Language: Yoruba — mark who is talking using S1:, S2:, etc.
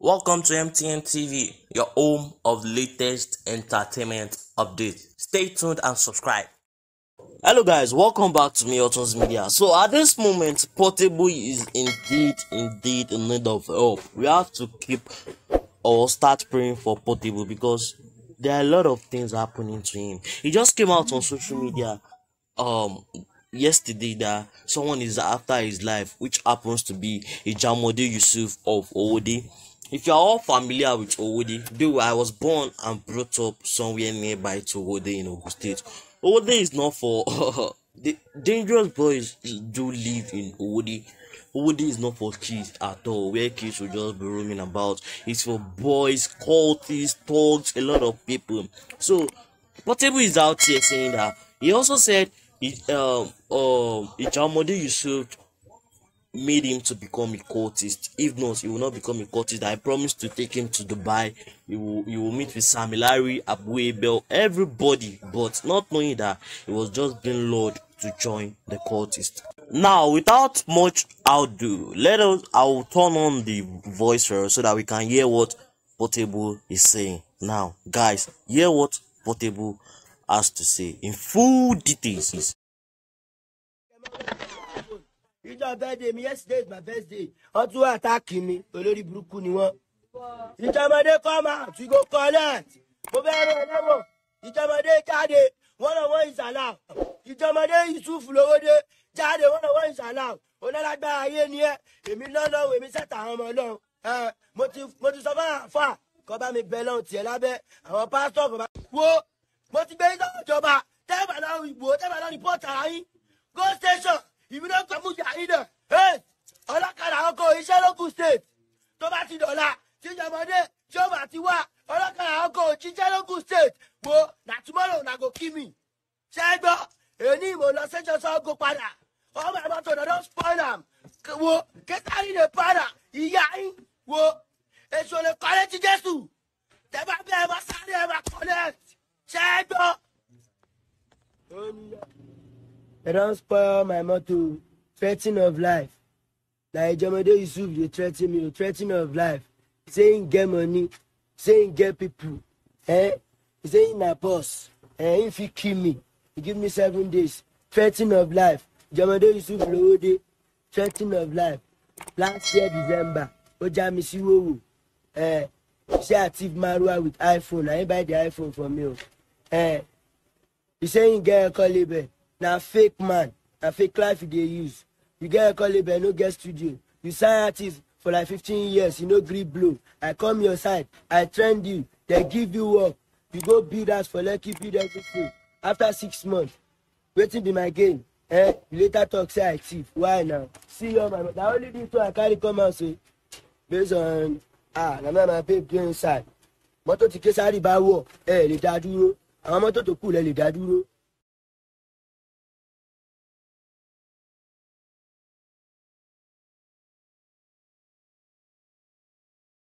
S1: Welcome to MTN TV, your home of latest entertainment updates. Stay tuned and subscribe. Hello guys, welcome back to Milton's Media. So at this moment, Portable is indeed, indeed in need of help. We have to keep or start praying for Portable because there are a lot of things happening to him. He just came out on social media um yesterday that someone is after his life, which happens to be Ijamode Yusuf of Owode. If you are all familiar with Owode, though I was born and brought up somewhere nearby to Owode in Ogun State. Owode is not for the dangerous boys do live in Owode. Owode is not for kids at all, where kids will just be roaming about. It's for boys, cultists, thugs, a lot of people. So Portable is out here saying that he also said uh, um um Ijamode Yusuf made him to become a cultist. If not, he will not become a cultist. I promise to take him to Dubai. He will, he will meet with Sam Larry, Abu everybody, but not knowing that he was just being lured to join the cultist. Now, without much ado, let us, I will turn on the voice so that we can hear what Portable is saying. Now, guys, hear what Portable has to say in full details
S2: ìjọ birthday mi yesterday is my best day wọ́n tún àtàkì mi olórí burúkú ni wọ́n. ìjọmọdé come out we go collect mo fẹ́ ràn lọ́wọ́ ìjọmọdé jáde wọ́n lọ wọ́n ìsàlà ìjọmọdé Yusuf lówódé jáde wọ́n one is allowed. olálágbára ayé ni ẹ èmi lọ́lọ́ èmi sẹ́ta àwọn ọmọ ọlọ́run mo ti sọ fún àáfà kọ́ bá mi bẹ lọ́hùn tiẹ̀ lábẹ́ àwọn pásítọ̀ kọ́ bá wo mo ti gbé ìjọba tẹ́ẹ̀bà lọ́rùn ìgbò tẹ́ẹ̀bà lọ́rùn pọ́ọ̀tà yín go station ìmúná kọ́mú jàìdà ọlọ́kadà ọkọ̀ iṣẹ́ lókun state tó bá ti dọ̀la tí ìjọmọdé tí ó bá ti wá ọlọ́kadà ọkọ̀ òjíṣẹ́ lókun state wo na tomorrow na go kill me ṣẹ́gbọ́ èyí mo lọ sẹ́jọ́ sọ́ọ́gù padà ọmọ ẹ̀rọ tó dọ̀dọ̀ spoil am wo kẹtàrí lè padà ìyá yín wo èso lè kọ́lé ti jésù tẹ́ bá bẹ́ẹ̀ bá sá. They don't spoil my motto, threatening of life Like ejomode yusuf dey threaten me threatening of life Saying get money saying get people eh say him na boss eh him fit kill me he give me seven days threatening of life ejomode yusuf lowode threatening of life last year december ó já mi sí wòwò ẹ ṣé àti marua with iphone àyè buy the iphone for me o eh? He ìṣẹ́yìn gẹ́ ẹ̀kọ́ lébẹ̀ na fake man na fake life you dey use you get record label no get studio you sign artist for like fifteen years you no gree blow i come your side i train you dem give you work you go build house for lekki build everything after six months wetin be my gain eh you later talk say i thief why now see your oh, my na only this one i carry come house say. Eh? based on ah na me and my babe dey inside mọ́tò tí késàrì bá wọ̀ ẹ eh, lè dá dúró àwọn mọ́tò tó kù lẹ lè dá dúró